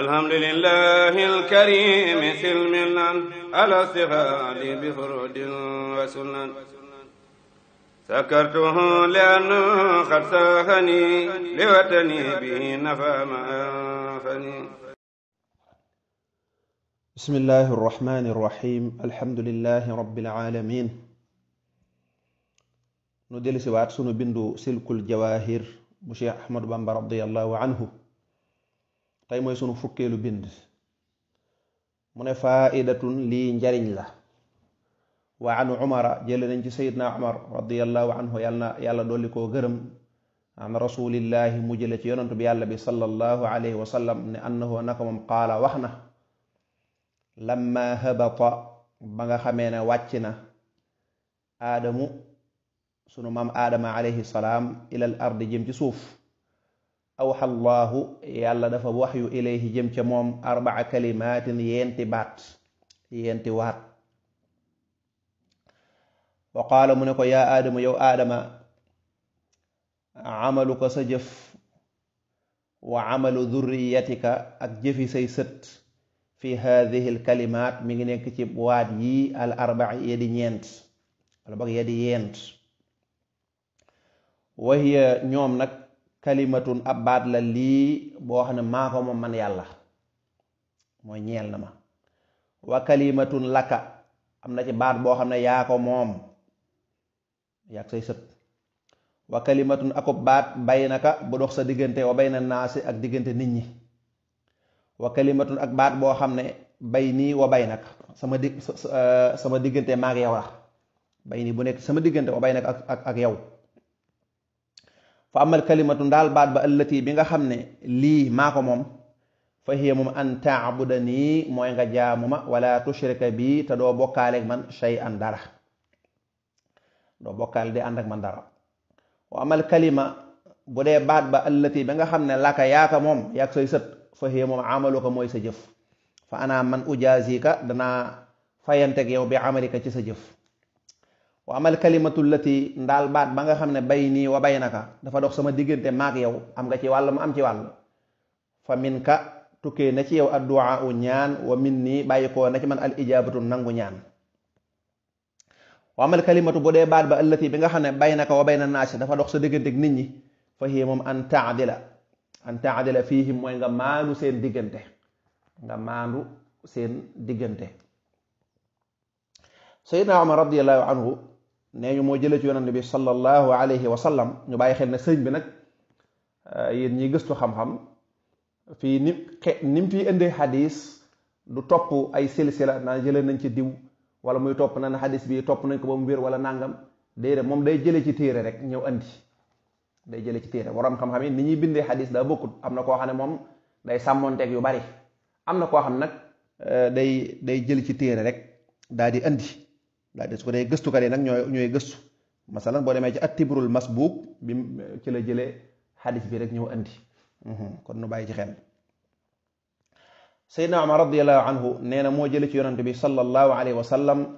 الحمد لله الكريم سلمنا على استفاد بفرد وسنن سكرته لأنه قد ساخني لوطني به نفى ما أنفني بسم الله الرحمن الرحيم الحمد لله رب العالمين ندلس وعد سنو بندو سلك الجواهر بشيخ أحمد بن رضي الله عنه tey mooy sunu fukkeelu bind mu ne faaidatun lii njariñ la wa an umara jële nañ ci sayidna umar radiallahu anhu yàlla na yàlla dolli koo gërëm an rasulillahi mu jële ci yonantu bi yàlla bi sallallahu alayhi wa sallam ne annahu naka moom qaala wax na lamma habata ba nga xamee ne wàcc na aadamu sunu maam aadama alayhi salaam ardi jëm ci suuf awxa llaahu yàlla dafa wax yu ilayhi jëm ca moom arbaa kalimaatin baat yeenti waat wa qaala mu ne ko yaa aadama yow aadama amaluka sa jëf wa amalu dhurriyatika ak jëfi say sët fi haadihi lkalimaat mi ngi nekk ci waat yii al arbaa ya di al arbaa ya di yeent wa hiya ñoom nag kalimatun ab baat la lii boo xam ne maa ko moom man yàlla mooy ñeel na ma wa kalimatun lakka am na ci baat boo xam ne yaa ko moom yaa say sët wa kalimatun akub baat bay naka bu dox sa diggante wa bay na naasi ak diggante nit ñi wa kalimatun ak baat boo xam ne bay nii wa bay naka sama di sama diggante maag bay nii bu nekk sama diggante wa bay naka ak ak yow fa amal kalimatu ndaal baat ba allati bi nga xam ne lii maa ko moom fa hiya moom an taabuda nii mooy nga jaamu ma tushrika bi te doo bokkaaleeg man shay an dara doo bokkaale di ànd man dara wa amal kalima bu dee baat ba allati bi nga xam ne laka yaaka moom yaag say sët fa hiya moom amaluka mooy sa jëf fa ana man ujaazika danaa fayanteeg yow bi amalika ci sa jëf waa amal kalimatu lati ndaal baat ba nga xam ne bay nii wa bay ka dafa dox sama diggante maak yow am nga ci wàll mu am ci wàll fa min ka tukkee na ci yow addu'a u ñaan wa min nii bàyyi koo na ci man al ijaabatu nangu ñaan wa amal kalimatu bu dee baat ba allati bi nga xam ne bay naka wa bay na naas dafa dox sa diggantek nit ñi fa hiya moom an taadila an taadila fiihim mooy nga maandu seen diggante nga maandu seen diggante sayyidna Umar radiyallahu nee ñu moo jëlee ci yonent bi sallallahu alayhi wa sallam ñu bàyyi xel na sëñ bi nag euh, yéen ñiy gëstu xam-xam fii ni ni mu fiy indee xadis du topp ay silsila naa jëlee nañ ci diw wala muy topp na naan xadis bii topp nañ ko ba mu wér wala nangam déedéet moom day jëlee ci téere rek ñëw andi day jëlee ci téere borom xam-xam yi ni ñuy bindee xadis daa bokkut am na koo xam ne moom day sàmmonteeg yu bari am na koo xam nag euh, day day jël ci téere rek daal di andi. daa de su ko dee gëstukat yi nag ñoo ñooy gëstu masalan boo demee ci attibrul masbuuk bi ci la jëlee xadis bi rek ñëw andi mhm. kon nu bàyyi ci xel Seydina Omar radiallahu anhu nee na moo jële ci yonante bi sallallahu alayhi wa sallam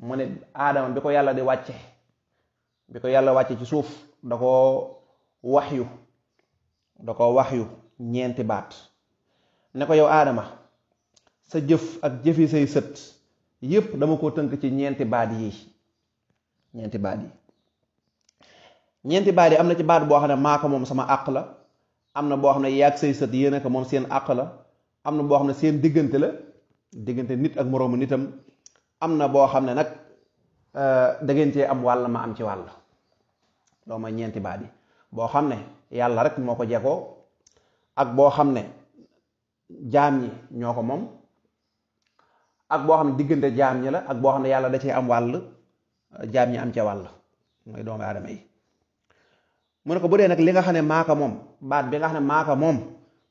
mu ne aadama bi ko yàlla di wàcce bi ko yàlla wàcce ci suuf da ko waxyu da ko waxyu ñeenti baat ne ko yow aadama sa jëf ak jëfi say sët yépp dama ko tënk ci ñeenti baat yi ñeenti baat yi ñeenti baat yi am na ci baat boo xam ne maako moom sama àq la am na boo xam ne yaag say sët yéen moom seen àq la am na boo xam ne seen diggante la diggante nit ak moroomu nitam am na boo xam ne nag euh, da am wàll ma am ci wàll loo ñeenti baat yi boo xam ne yàlla rek moo ko jegoo ak boo xam ne jaam yi ñoo ko moom ak boo xam ne diggante jaam ñi la ak boo xam ne yàlla da cee am wall jaam ñi am ca wàll mooy doomu aadama yi mu ne ko bu dee nag li nga xam ne maaka moom baat bi nga xam ne maaka moom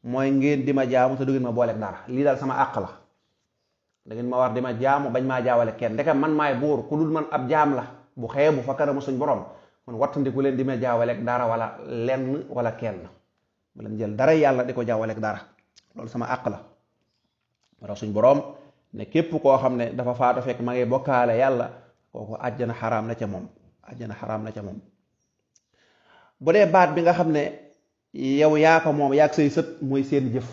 mooy ngeen di ma jaamu te du ngeen ma booleeg dara lii daal sama àq la da ngeen war di ma bañ maa jaawale kenn ndeke man maay buur ku man ab jaam la bu xeebu fa kanamu suñ borom kon wattandiku leen di ma jaawaleeg wala lenn wala kenn mu leen dara yàlla di ko jaawaleeg dara loolu àq la moo tax suñ borom. ne képp koo xam ne dafa faatu fekk ma ngi bokkaale yàlla kooku àjjana xaraam na ca moom àjjana xaraam na ca moom bu dee baat bi nga xam ne yow yaa ko moom yaa say sët mooy seen jëf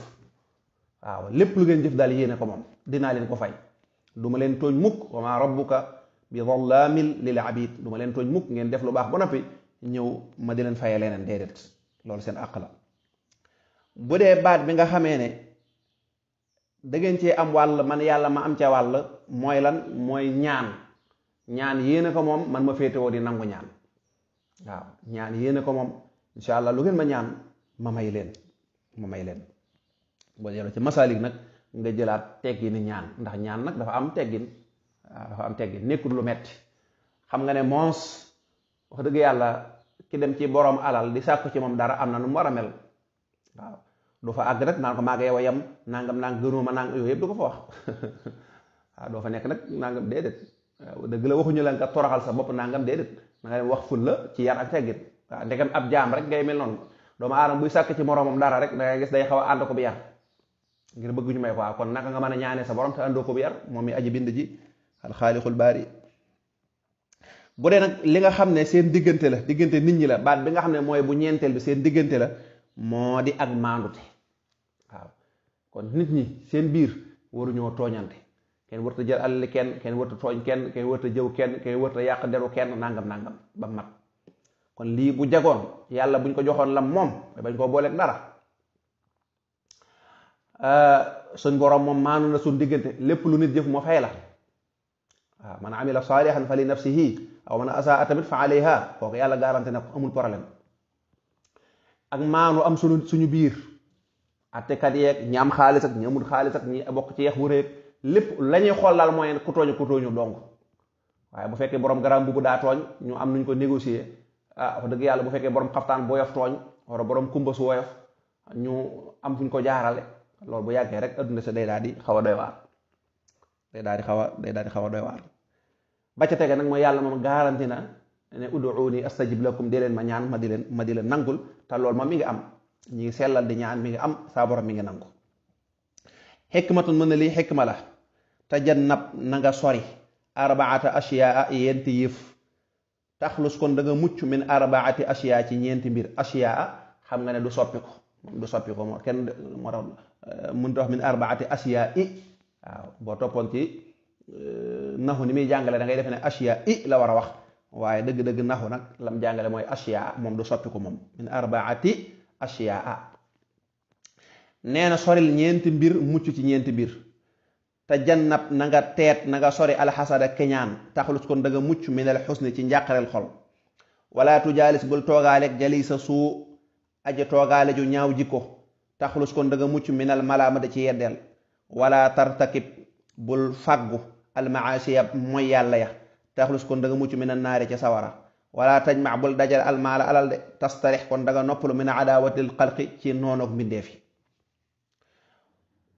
waaw lépp lu ngeen jëf daal yéene ko moom dinaa leen ko fay du ma leen tooñ mukk wa maa rabbuka bi zallaamin lil abid du ma leen tooñ mukk ngeen def lu baax ba noppi ñëw ma di leen faye leneen déedéet loolu seen àq la bu dee baat bi nga xamee ne da ci cee am wàll man yàlla ma am ca wàll mooy lan mooy ñaan ñaan yéen ko moom man ma féetewoo di nangu ñaan waaw ñaan yéen a ko moom incha allah lu ngeen ma ñaan ma may leen ma may leen boo delloo ci masaalik nag nga jëlaat teggini ñaan ndax ñaan nag dafa am teggin waaw dafa am teggin nekkul lu metti xam nga ne moos wax dëgg yàlla ki dem ci boroom alal di sàkku ci moom dara am na nu mu war a mel waaw du fa àgg nag naan ko maa ngi yow a yem nangam nang gënoo ma nang yooyu yëpp du ko fa wax waaw doo fa nekk nag nangam déedéet waaw dëgg la waxuñu la nga toroxal sa bopp nangam déedéet da nga dem wax ful la ci yar ak teggin waaw ndegam ab jaam rek ngay mel noonu doomu aadama buy sàkk ci moroomam dara rek da ngay gis day xaw a ànd ko bi yar ngir bëgg ñu may ko waaw kon naka nga mën a ñaanee sa borom te àndoo ko bi yar moom mi aji bind ji alxaalixul baari bu dee nag li nga xam ne seen diggante la diggante nit ñi la baat bi nga xam ne mooy bu ñeenteel bi seen diggante la moo di ak maandute kon nit ñi seen biir waruñoo tooñante kenn warta jël alal kenn kenn warta tooñ kenn kenn warta jëw kenn kenn warta yàq deru kenn nangam nangam bam mat kon lii bu jagoon yàlla buñ ko joxoon lam moom bañ koo booleeg dara euh, suñ borom moom maanu na suñ diggante lépp lu nit jëf moo fay la a waaw man amila na fa li nafsihi aw man asaa tamit fa alayha kooku yàlla garanti na amul problème ak maanu am suñu biir attekat yeeg ñi am xaalis ak ñi amul xaalis ak ñi bokk ci yeex wuréeg lépp la ñuy xool daal ku tooñ ku tooñu donc waaye bu fekkee borom garam bubu daa tooñ ñu am nuñ ko négocier ah wax dëgg yàlla bu fekkee borom xaftaan booyof tooñ wala borom kumba su woyof ñu am fuñ ko jaarale loolu bu yàggee rek adduna sa day daa di xaw a doy waar day daal di xaw a day daal di xaw a doy waar ba ca tege nag mooy yàlla moom garanti na ne ud'uuni astajib lakum di leen ma ñaan ma di leen ma di leen nangul te lool moom mi ngi am ñi ngi sellal di ñaan mi ngi am saa mi ngi nangu xikmatun mën na lii xikma la tajannab na nga sori arbaata ashiyaa yenti yëf taxlus kon danga mucc min arbaati ashiyaa ci ñeenti mbir ashiyaa xam nga ne du soppi du soppi ko moo kenn moo tax euh, mënut arbaati ashiyaa i waaw boo toppoon ci euh, naxu ni muy jàngale dangay ngay defe ne ashiyaa i la war a wax waaye dëgg-dëgg naxu nag lam jàngale mooy ashiyaa moom du soppi ko moom min arbaati asiyaa a ah. na soril ñeenti mbir mucc ci ñeenti mbir te jannab na nga teet na nga sori alxasada keñaan taxalus kon da mucc minal xusni ci njàqareel xol wala tujaalis bul toogaaleeg jalisa suu aji toogaale ju ñaaw jikko taxalus kon da mucc minal malaama da ci yeddeel wala tartakib bul fàggu almaasiya mooy yàlla ya taxalus kon da mucc minal naari ci sawara wala tajma bul dajal almaala alal de tastarix kon danga noppalu a adaawatil xalqi ci noonoog mbindeef yi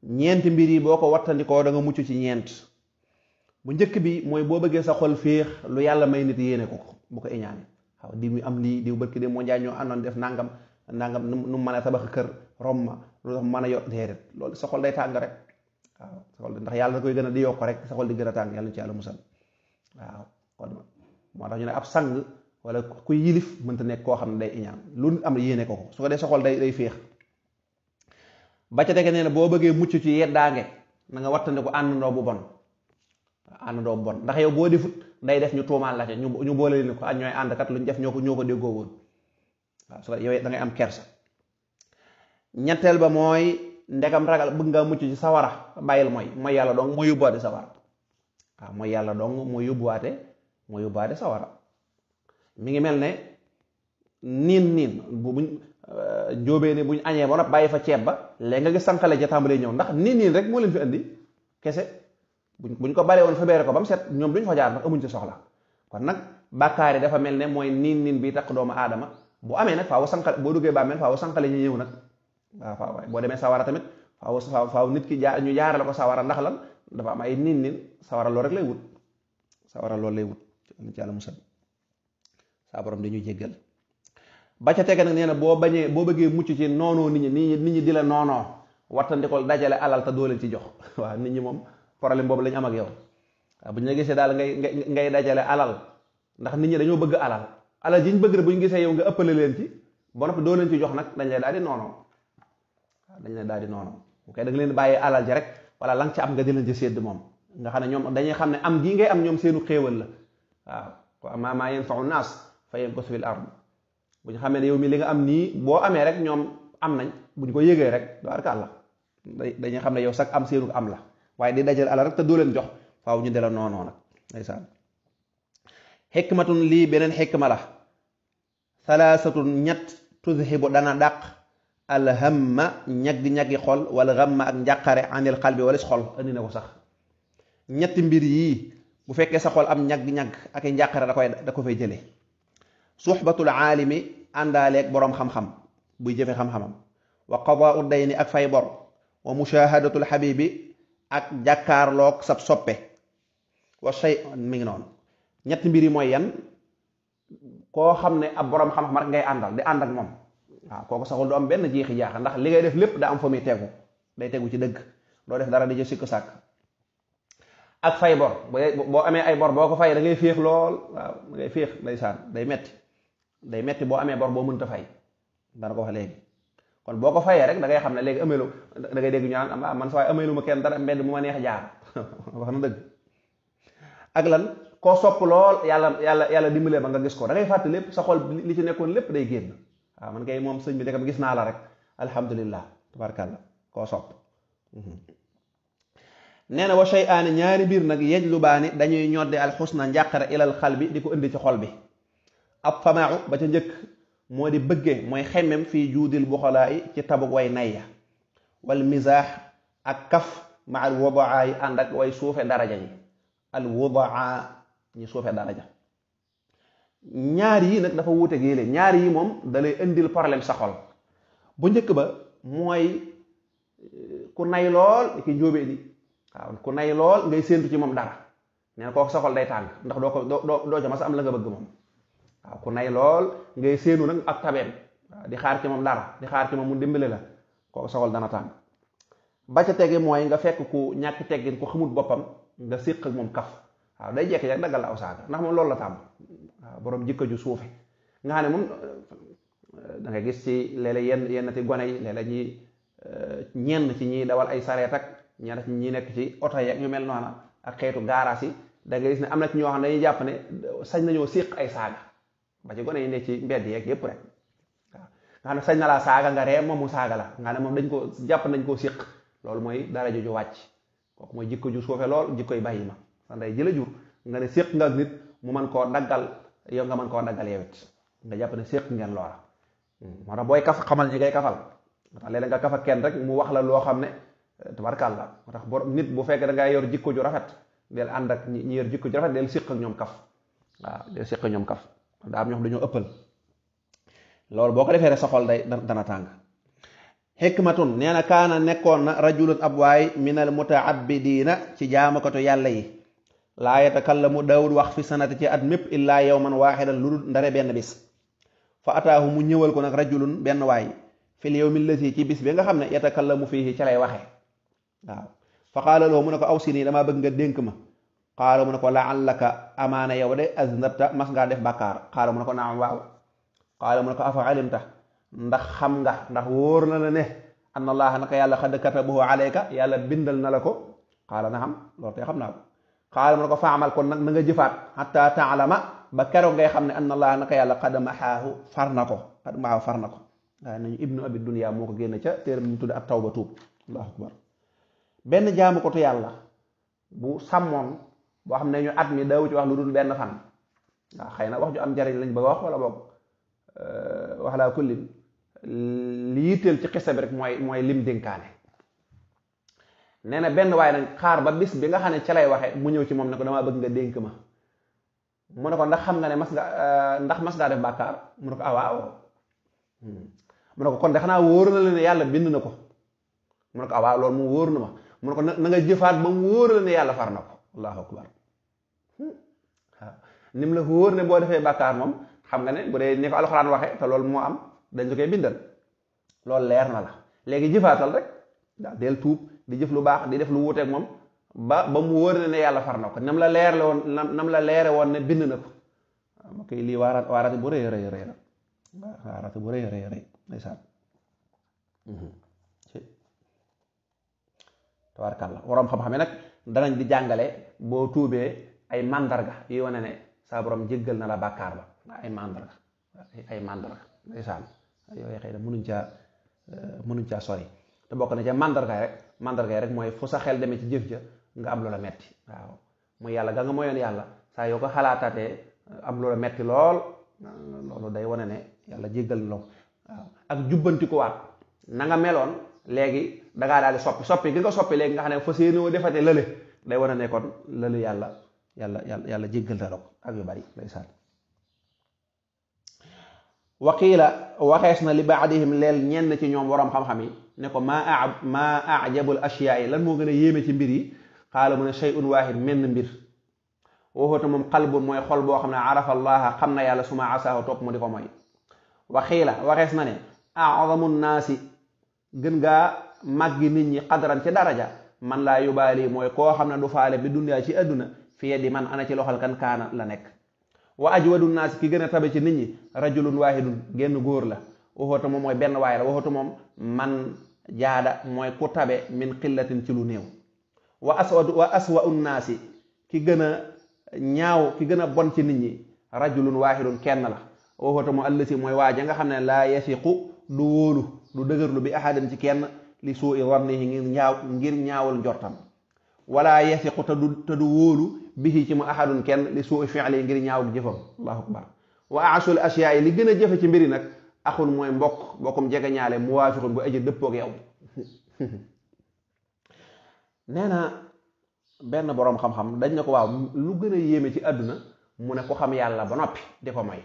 ñeenti mbir yi boo ko wattandikoo danga nga mucc ci ñeent bu njëkk bi mooy boo bëggee sa xol féex lu yàlla may nit yéene ko ko mu ko iñaane waaw diw mi am lii diw barki de ñoo àndoon def nangam nangam nu mën a tabax kër rom ma lu mën a yot déedéet loolu sa xol day tàng rek waaw sa xol ndax yàlla da koy gën a di yokk rek sa xol di gën a tàng yàlla ci yàlla musal waaw kon moo tax ñu ne ab sang wala ku yilif mënta nekk koo xam ne day iñaan lu nit am yéene ko ko su ko dee soxol day day féex ba ca tege nee na boo bëggee mucc ci yeddaange na nga wattandi ko àndandoo bu bon àndandoo bu bon ndax yow boo defut day def ñu tuumaal la ca ñu ñu boole leen ko ak ah, ñooy ànd kat lu ñu def ñoo ko ñoo ko déggoo woon su ko yow da ngay am kersa ñenteel ba mooy ndegam ragal bëgg nga mucc ci sawara bàyyil mooy mooy yàlla dong moo yóbbuwaate sawara waaw mooy yàlla dong moo yóbbuwaate moo yóbbuwaate sawara mi ngi mel ne niin niin bu buñ njóobee euh, ne buñ añee ba bàyyi fa ceeb ba léegi nga gis sànqale ja tàmbalee ñëw ndax niin niin rek moo leen fi andi kese buñ buñ ko bare woon fa beere ko ba mu set ñoom duñ fa jaar ndax amuñ ci soxla kon nag bàkkaar dafa mel ne mooy niin niin bii tax doomu aadama bu amee nag faaw sànqale boo duggee bàmmeel faaw sànqale ñu ñëw nag waaw faaw waaye boo demee sawara tamit faaw faaw nit ki jaar ñu jaarale ko sawara ndax lan dafa am ay niin niin sawara loolu rek lay wut sawara loolu lay wut ci yàlla musal saa borom dañuy jéggal ba ca tege nag nee na boo bañee boo bëggee mucc ci noonoo nit ñi nit ñi nit ñi di la noonoo wattandikol dajale alal te doo leen ci jox waaw nit ñi moom problème boobu la am ak yow waaw bu ñu la gisee daal ngay ngay dajale alal ndax nit ñi dañoo bëgg alal alal ji ñu bëgg rek bu ñu gisee yow nga ëppale leen ci ba doo leen ci jox nag dañ lay daal di noonoo waaw dañ lay daal di noonoo bu koy da nga leen bàyyi alal ji rek wala la nga ci am nga di leen sédd moom nga ne ñoom dañuy xam ne am gii ngay am ñoom seenu xéewal la waaw wa maa naas fay gos bil ard bu ñu xamee ne yow mii li nga am nii boo amee rek ñoom am nañ bu ñu ko yëgee rek doo arka àlla dañuy xam ne yow sax am seenu am la waaye di dajal àlla rek te doo leen jox faaw ñu dela noonoo nag ndeysaan xikmatun lii beneen xekk xikma la salaasatun ñett tuzhibu dana dàq alhamma ñaggi-ñaggi xol wala ramma ak njàqare xal bi walis xol andi na ko sax ñetti mbir yii bu fekkee sa xol am ñagg-ñagg ak i njàqare da koy da ko jëlee suxbatul aalimi àndaaleeg boroom xam-xam buy jëfe xam-xamam wa qadaau dayni ak fay bor wa mushahadatul xabibi ak jàkkaarloog sab soppe wa shay mi ngi noonu ñetti mbir yi mooy yan koo xam ne ab boroom xam-xam rek ngay àndal di ànd ak moom waaw kooku saxul du am benn jeexi jaaxa ndax li ngay def lépp daa am fa muy tegu day tegu ci dëgg doo def dara di jël sikk sàkk ak fay bor boo amee ay bor boo ko fay da ngay féex lool waaw da féex ndeysaan day metti day metti boo amee bor boo mënta fay dana ko wax léegi kon boo ko fayee rek da ngay xam ne léegi ameelu da ngay dégg ñu naan ah man sa waaye ameelu ma kenn dara mbedd mu ma neex jaar wax na dëgg ak lan koo sopp lool yàlla yàlla yàlla dimbalee ba nga gis ko da ngay lépp sa xol li ci nekkoon lépp day génn waaw ah, man kay moom sëñ bi ba gis naa la rek alhamdulillah tabarkàlla koo sopp mhm. nee na wa shay'aani ñaari biir nag yej lu baani dañuy ñodde alxusna njàqare ilal xal bi di ko indi ci xol bi ab famaaxu ba ca njëkk moo di bëggee mooy xemmem fii juudil buxalaa yi ci tabug way nayya wal misaax ak kaf ma al wadaa yi ànd ak way suufe daraja yi al wadaa suufe daraja ñaar yi nag dafa wuute géele ñaar yi moom dalay indil problème sa bu njëkk ba mooy euh, ku nay lool ki njóobee di waaw ku nay lool ngay séentu ci moom dara neen kooku sa day tàng ndax doo ko doo doo ca mas am la nga bëgg moom waaw ku nay lool ngay séenu nag ak tabeem di xaar ci moom dara di xaar ci moom mu dimbale la kooku soxal dana tàng ba ca tege mooy nga fekk ku ñàkk teggin ku xamut boppam nga séq ak moom kaf waaw day jekki rek daggal la aw saaga ndax moom loolu la tàmm waaw borom jikko ju suufe nga xam ne moom euh, da gis ci léeg yenn yenn ti gone yi léeg-léeg ñi euh, ñenn ci ñi dawal ay sareet ak ñenn ci ñi nekk ci oto yeeg ñu mel noona ak xeetu gaaraas yi da gis ne am na ci ñoo xam ne ne sañ nañoo séq ay saaga ba ci gone yi ne ci mbedd yeeg yépp rek waaw nga xam ne sañ na laa saaga nga ree moom mu saaga la nga ne moom dañ ko jàpp nañ koo siq loolu mooy dara wàcc kooku mooy jikko ju suufe lool jikkoy bàyyi ma sa ndey jëla jur nga ne séq nga ak nit mu mën koo daggal yow nga mën koo daggal yow it nga jàpp ne séq ngeen loola hmm. moo booy kaf xamal ñi ngay kafal moo tax léeg nga kenn rek mu wax la loo xam ne eh, tabarkàlla moo tax borom nit bu fekk da ngaa yor jikko ju rafet del ànd ak ñi yor jikko ju rafet del séq ak ñoom kaf waaw del séq ak ñoom kaf daa am ñoo xam dañoo ëppal loolu boo ko defee rek soxol xol day dana tàng xikmatun nee na kaana nekkoon na rajulun ab waay minal mutaabidiina ci jaamakatu yàlla yi laa yatakallamu daawud wax fi sanati ci at mépp illaa yawman waaxidan lu dul ndare benn bis fa ataahu mu ñëwal ko nag rajulun benn waay fil yawmi lati ci bis bi nga xam ne yatakallamu fiihi ci lay waxe waaw fa qaala lahu mu ne ko aw si nii damaa bëgg nga dénk ma xaala mu ne la laallaka amaana yow de aznabta mas ngaa def bàkkaar xaala mu ne ko naam waaw xaala mu ne ko afa alimta ndax xam nga ndax wóor na la ne anna allaha naka yàlla xad katabahu alayka yàlla bindal na la ko xaala na xam loolu tey xam na ko xaala mu ko faamal ko nag na nga jëfaat xata taalama ba keroog ngay xam ne anna allaha naka yàlla xad maxaahu far na ko xad maxaahu far na ko waaye nañu ibnu abi dunia moo ko génn ca téeram ñu tudde at tawba tuub allahu akbar benn boo xam ne ñu at mi daawu ci wax lu dul benn fan waa xëy na wax ju am njariñ lañ bëgg wax wala boog euh, wax laa kulli li yitteel ci xisa rek mooy mooy lim dénkaane nee na benn waaye nag xaar ba bis bi nga xam ne ca lay waxe mu ñëw ci moom ne ko damaa bëgg nga dénk ma mu ne ko ndax xam nga ne mas nga euh, ndax mas ngaa def bàkkaar mu ne ko ah hmm. mu ne ko kon de xanaa wóor na ne yàlla bind na ko mu ne ko ah loolu mu wóor na ma mu ne ko na jëfaat ba mu ne yàlla far allahu akbar waaw nim la wóor ne boo defee bàkkaar moom xam nga ne bu dee ni ko alxuraan waxee te loolu moo am dañ la koy bindal loolu leer na la léegi jëfaatal rek daal del tuub di jëf lu baax di def lu wuuteeg moom ba ba mu wóor ne ne yàlla far na ko nam la leer la woon nam la leere woon ne bind na ko ma koy lii waaraat waaraate bu rëy rëy rëy la rëy rëy rëy ndeysaan mhm. xam-xam yi nag danañ di jàngale boo tuubee ay màndarga yi wane ne saa borom jéggal na la bàkkaar ba ay màndarga ay màndarga ndeysaan yooyu xëy na mënuñ caa euh, mënuñ caa sori te bokk na ca màndargaay rek màndargaay rek mooy fu sa xel demee ci jëf ja nga am loola metti waaw mooy yàlla ga nga moyoon yàlla saa yoo ko xalaataatee euh, am loola metti lool loolu day wone ne yàlla jéggal na la waaw ak jubbanti ko meloon léegi da ngaa daal di soppi soppi gi nga soppi léegi nga xam ne fas yéene woo defate lële day war a nekkoon lële yàlla yàlla yàlla yàlla jéggal na ak yu bari lay sànni. waqiila waxees na li baadihim leel ñenn ci ñoom waroom xam-xam yi ne ko maa a maa ajabul ashyaa yi lan moo gën a yéeme ci mbir yi xaala mu ne shay'un waahid menn mbir waxoote moom xalbun mooy xol boo xam ne arafa allaha xam na yàlla suma asaahu topp mu di ko mooy waqiila waxees na ne azamu naasi gën ngaa màggi nit ñi xadaran ci daraja man laa yóbbaale mooy koo xam ne du faale bi dunyaa ci àdduna fii di man ana ci loxol kan kaana la nekk wa ajwadu naas ki gën a tabe ci nit ñi rajulun waahidun génn góor la waxootu moom mooy benn waay la moom man jaada mooy ku tabe min xillatin ci lu néew wa aswadu wa aswau naasi ki gën a ñaaw ki gën a bon ci nit ñi rajulun waahidun kenn la waxootu moom allësi mooy waa ja nga xam ne laa yasiqu du wóolu du dëgërlu bi ahadin ci kenn li suu i wannihi ngir ñaaw ngir ñaawal njortam wala yasiqu te du te du wóolu bihi ci mu ahadun kenn li suu i fi'li ngir ñaawul jëfam allahu akbar wa aasul asiyaa yi li gën a jëfe ci mbiri nag axun mooy mbokk mbokkum jege ñaale muwaafiqun bu aji dëppoog yow nee na benn boroom xam-xam dañ ne ko waaw lu gën a yéeme ci àdduna mu ne ko xam yàlla ba noppi di ko mooy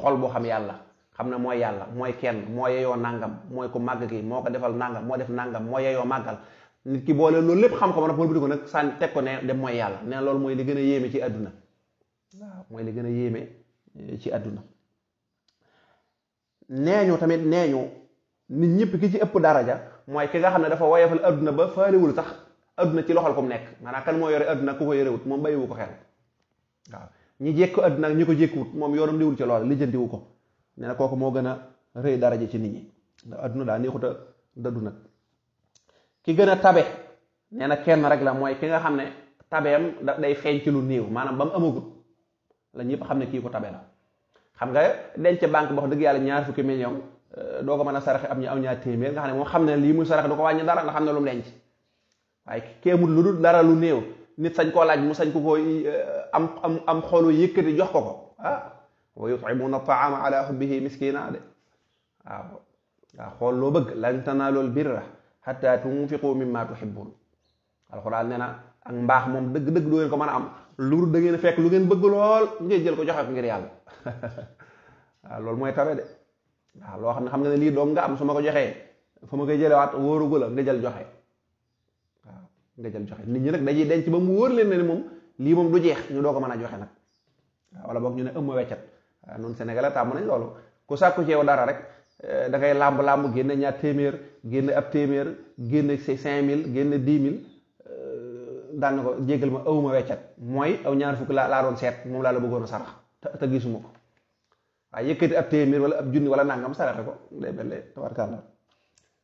xol bu xam yàlla xam na mooy yàlla mooy kenn moo yeyoo nàngam mooy ku màgg ki moo ko defal nàngam moo def nàngam moo yeyoo màggal nit ki boole loolu lépp xam-xam nag wëlbati ko nag sànni teg ko mooy yàlla loolu mooy li gën a ci àdduna waaw gën a yéeme eh, ci àdduna nee tamit nee nit ñëpp ki ci ëpp daraja mooy ki nga xam ne dafa woyofal àdduna ba faaliwul sax àdduna ci loxol ku mu nekk maanaam kan moo yore àdduna ku ko yorewut moom bàyyiwu ko xel waaw ñi jékku àdduna ñi ko jékkuwut moom yoonam liwul ci lool lijjantiwu ko nee kooku moo gën a rëy ji ci nit ñi ndax adduna daa neexut a du nag ki gën a tabe nee kenn rek la mooy ki nga xam ne tabeem day feeñ ci lu néew maanaam ba mu amagut la ñëpp xam ne kii ko tabe la xam nga denc banque boo wax dëgg ñaar fukki million euh, ko mën a saraxe am ñu aw ñaar téeméer nga ne moom xam ne lii muy saraxe du ko wàññi dara nga xam ne lu mu denc waaye kéemul lu dul dara lu néew nit sañ koo laaj mu sañ ko ko euh, am am am xoolu yëkkati jox ko ko ah. wa yutcimuuna taama ala xubbihi miskina de waaw waaw xool loo bëgg lan tanaalu albirra xatta tunfiqu mimma tuxibbun alxuraan nee na ak mbaax moom dëgg dëgg doo ngeen ko mën a am lu da ngeen fekk lu ngeen bëgg lool ngeen jël ko joxe ko ngir mooy tabe loo xam ne xam nga ne lii doom nga am su ma ko joxee fa ma koy jëlewaat wóorugu la nga joxe waaw nga jël joxe nit ñi nag dañuy denc ba mu wóor leen ne ni moom lii moom du jeex ñu doo ko mën a joxe nag wala boog ñu ne ëmma weccat noonu Sénégalais tàmm nañ loolu ku sàkku ci dara rek eh, da ngay làmb làmb génne ñaar téeméer génne ab téeméer génne cinq mille génne dix mille eh, daan ko jéggal ma awuma weccat mooy aw ñaar fukk laa laa doon seet moom laa la bëggoon a sarax te gisuma ko waaye yëkkati ab téeméer wala ab junni wala nangam saraxe ko day mel ne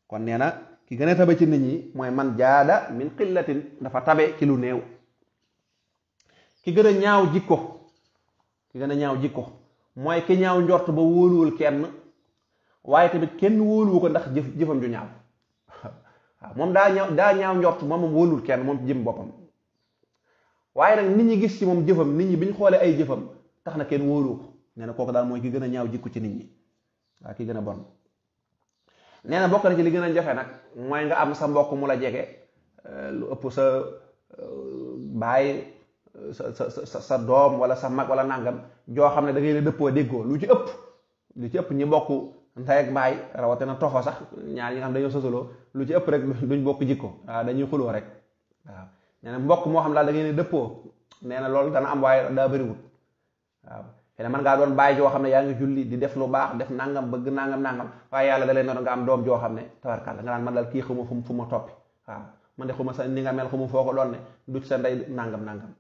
kon nee na ki gën a tabe ci nit ñi mooy man jaada min xillatin dafa tabe ci lu néew ki gën a ñaaw jikko ki gën a ñaaw jikko mooy ki ñaaw njort ba wóoluwul kenn waaye tamit kenn wóoluwu ko ndax jëf jëfam ju ñaaw waaw moom daa ñaaw daa ñaaw njort moom moom wóoluwul kenn moom jëm boppam waaye nag nit ñi gis ci moom jëfam nit ñi bi xoolee ay jëfam tax na kenn wóoluwu ko nee na kooku daal mooy ki gën a ñaaw jikku ci nit ñi waaw ki gën a bon nee na ci li gën a jafe nag mooy nga am sa mbokk mu la jege eh, lu ëpp sa eh, baay sa sa sa sa doom wala sa mag wala nangam joo xam ne da ngay ne dëppoo déggoo lu ci ëpp lu ci ñi bokk ndey ak baay na toxo sax ñaar ñi nga xam dañoo sosaloo lu ci ëpp rek duñ bokk jikko waaw dañuy xuloo rek waaw nee mbokk moo xam daal da ngay ne dëppoo nee na loolu dana am waaye daa bëriwul waaw xëy na ngaa doon bàyyi joo xam ne yaa ngi julli di def lu baax def nangam bëgg nangam nangam waaye yàlla dalee lay noonu nga am doom joo xam ne tawarkàlla nga naan man daal kii xuma fu mu ma toppi waaw man de xuma sa ni nga mel xuma foo ko doon ne du sa ndey nangam nangam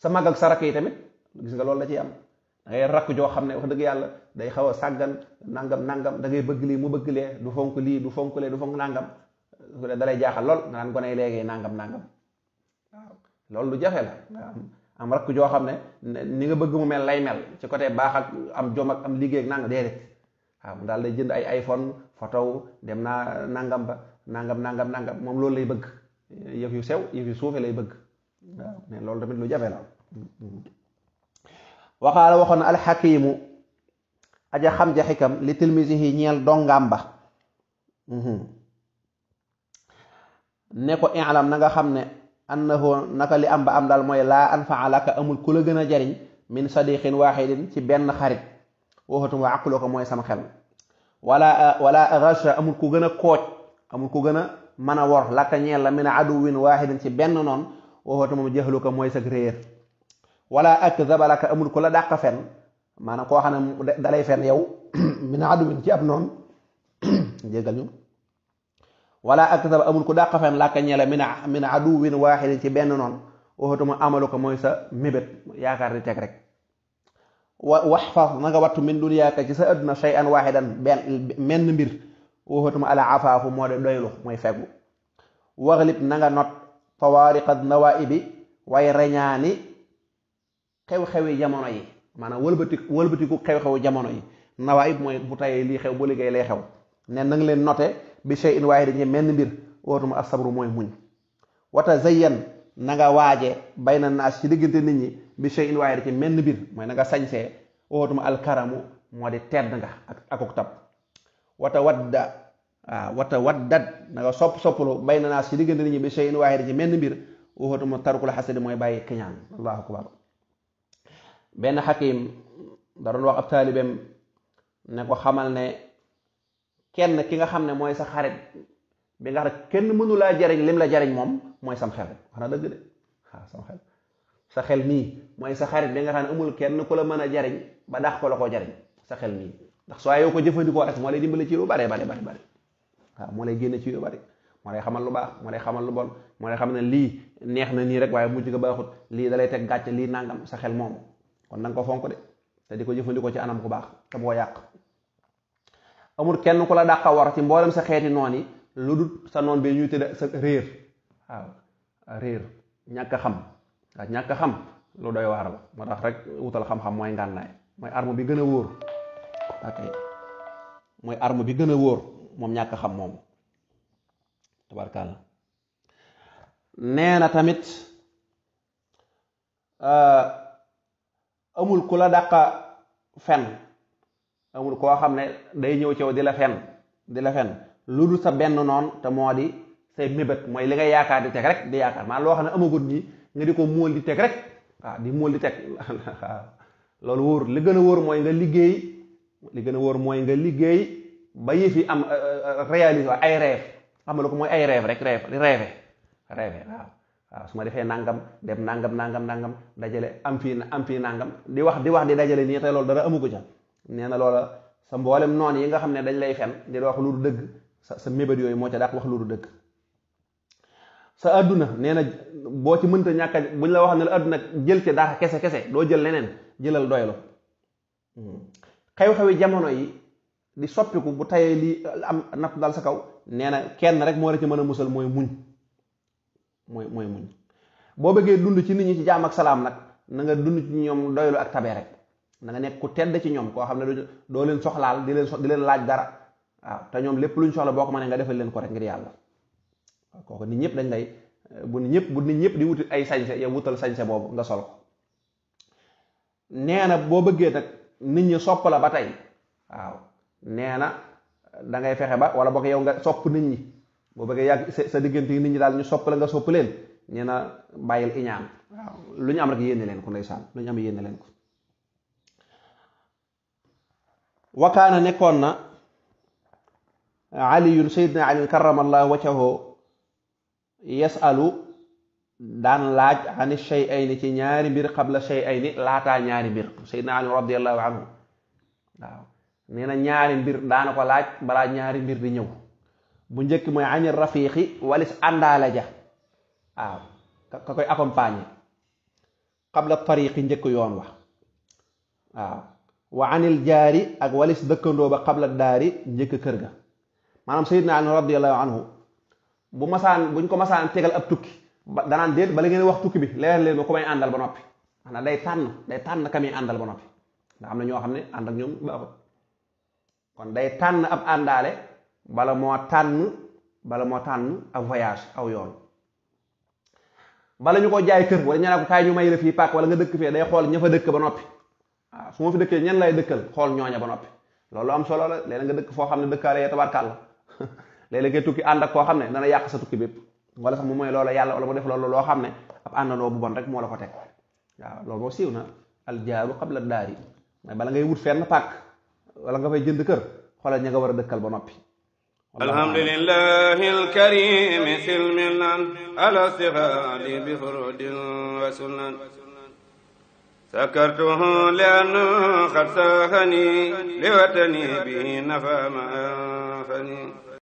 sa mag ak sa rakk yi tamit gis nga loolu la ciy am da ngay rakk joo xam ne wax dëgg yàlla day xaw a sàggan nangam nangam da bëgg lii mu bëgg lee du fonk lii du fonk lee du fonk nangam dalay jaaxal lool nga naan gone léegi nangam nangam waaw loolu lu jafe la joo xam ne ni nga bëgg mu mel lay mel ci côté baax ak am jom am liggéey ak nangam waaw mu daal day jënd ay iPhone photo dem naa nangam ba nangam nangam nangam moom loolu lay bëgg yëf yu sew yëf yu suufe lay bëgg. waaw mais loolu tamit lu jafe la waxaala waxoon na alxakimu aja xam ja xikam li tilmisihi ñeel dongaam ba ne ko i'lam na nga xam ne na annahu naka li am ba am daal mooy laa anfaa laka amul ku la gën a jariñ min sadiqin waxidin ci benn xarit waxatum wa àquloo ko mooy sama xel wala wala racha amul ku gën a kooj amul ku gën a mën a wor laka ñeel la min aduwin waxidin ci benn noon waxoo te moom jaxluka mooy sag réer wala ak zabalaka amul ku la dàq fen maanaam koo xam ne dalay fen yow min aduwin ci ab ak zaba ci benn noonu waxoo te moom amalu ko mooy sa mébét yaakaar di teg rek wa wax fa nanga nga wattu min dunyaaka ci sa adduna shay'an waaxidan benn menn mbir waxoo te moom ala afaafu moo de doylu mooy fegu waxlib na not tawaariqat nawaibi way reñaani xew-xewi jamono yi maanaam wëlbati wëlbatiku xew xew jamono yi nawaib mooy bu tayee lii xew bu liggéey lay xew ne nang leen note bi shay in waaye dañu menn mbir wootuma asabru mooy muñ wata zayyan na nga waaje bay na naas ci diggante nit ñi bi in waaye da ci menn mbir mooy na nga sañsee wootuma alkaramu moo di tedd nga ak akuk tab wata wadda waaw ah, wata wat na nga sopp sopplu bay na naas ci diggante nit ñi bi shay'in waahid ci menn mbir waxatu mu tarkul xasadi mooy bàyyi kiñaan allahu akbar benn xakim da doon wax ab taalibeem ne ko xamal ne kenn ki nga xam ne mooy sa xarit bi nga xam ne kenn mënu laa jariñ la jariñ moom mooy sam xel wax na dëgg ah, sam xel sa xel nii mooy sa xarit bi nga xam ne amul kenn ku la mën a jariñ ba dax ko la ko jariñ sa xel nii ndax soo yoo ko jëfandikoo rek moo lay dimbale ci lu bare bare bare waaw moo lay génne ci yu bari moo lay xamal lu baax moo lay xamal lu bon moo lay xam ne lii neex na nii rek waaye mujj ga baaxut lii dalay teg gàcce lii nangam sa xel moom kon na ko fonk de te di ko jëfandikoo ci anam ku baax te moo yàq amul kenn ku la dàqa war ci mboolem sa xeeti noon yi lu dul sa noon bi ñuy tëdd sa réer waaw réer ñàkk xam ñàkk xam lu doy waar la moo tax rek wutal xam-xam mooy ngànnaay mooy armo bi gën a wóor mooy armo bi gën a wóor moom ñàkk xam moomu tabarkàlla nee na tamit euh, amul ku la dàqa fen amul koo xam ne day ñëw ci di la fen di la fen lu dul sa benn noon te moo di say mébét mooy li nga yaakaar di teg rek di yaakaar maanaam loo xam ne amagut ñi nga di ko móol di teg rek waaw di móol di teg loolu wóor li gën a wóor mooy nga liggéey li gën a wóor mooy nga liggéey ba yëf yi am euh, euh, euh, réalisé ay am xam la ko mooy ay rêve rek rêve rêve rêve waaw waaw su ma defee nangam dem nangam nangam nangam dajale am fii am fii nangam di wax di wax di dajale nii te loolu dara amu ko ca nee na loola sa mboolem noon yi nga xam ne dañ lay fen di wax lu dëgg sa sa mébét yooyu moo ca daq wax lu du dëgg sa adduna nee na boo ci mënta ñàkk a bu ñu la wax ne la adduna jël ci daax kese kese doo jël leneen jëlal doylu hmm. xew-xewi jamono yi di soppiku bu tayee lii euh, am natt dal sa kaw nee na kenn rek moo la ci mën a musal mooy muñ mooy mooy muñ boo bëggee dund ci nit ñi ci jaam ak salaam nag na nga dund ci ñoom doylu ak tabee rek na nga nekk ku tedd ci ñoom koo xam ne doo leen soxlaal di leen di leen laaj dara waaw te ñoom lépp lu ñu soxla boo ko mënee nga defal leen ko rek ngir yàlla kooku nit ñëpp dañ lay euh, bu nit ñëpp bu nit ñëpp di wuti ay sañse yow wutal sañse boobu nga sol ko nee boo bëggee nag nit ñi sopp la ba tey waaw nee na da fexe ba wala boog yow nga sopp nit ñi boo bëggee yàgg sa diggante nit ñi daal ñu sopp la nga sopp leen nee na bàyyil iñaan waaw lu ñu am rek yéene leen ko ndeysaan lu ñu am yéene leen ko wakaana nekkoon na aliyun sayyidina aliyun karamallahu wajhahu yasalu daan laaj ani shay'ayni ci ñaari mbir qabla shay'ayni laataa ñaari mbir sayyidina aliyun radiyallahu anhu waaw nee na ñaari mbir daana ko laaj balaa ñaari mbir di ñëw bu njëkk mooy añi rafiqi walis àndaale ja waaw ka koy accompagner qabla tariqi njëkk yoon wa waaw wa anil jaari ak walis dëkkandoo ba qabla daari njëkk kër ga maanaam sayidna ali radiallahu anhu bu masaan buñ ko masaan tegal ab tukki danaan déet bala ngeen wax tukki bi leer leen ma ko may àndal ba noppi maanaam tànn day tànn ka muy àndal ba noppi nga xam ne ñoo xam ne ànd ak ñoom kon day tànn ab àndaale bala moo tànn bala moo tànn ak voyage aw yoon bala ñu ko jaay kër wala ñu ne ko kaay ñu may la fii pàkk wala nga dëkk fee day xool ña fa dëkk ba noppi waaw ah, su ma lay dëkkal xool ñooña ba noppi loolu am solo la léeg nga dëkk foo xam ne dëkkaale yee tabarkaal la léeg-léeg ngay tukki ànd ak koo xam ne dana yàq sa tukki bépp wala sax mu mooy loolo yàlla wala mu def loolu loo xam ne ab àndandoo bu bon rek moo la ko teg waaw loolu boo siiw na al jaaru qabla daari bala ngay wala nga fay jënd kër xoolal ña nga war a dëkkal ba noppi alhamdulillahi alkarim silmilan ala sixaali bi furudin wa sunan sakartuhu lianu xad saxani liwatani bi nafa ma anfani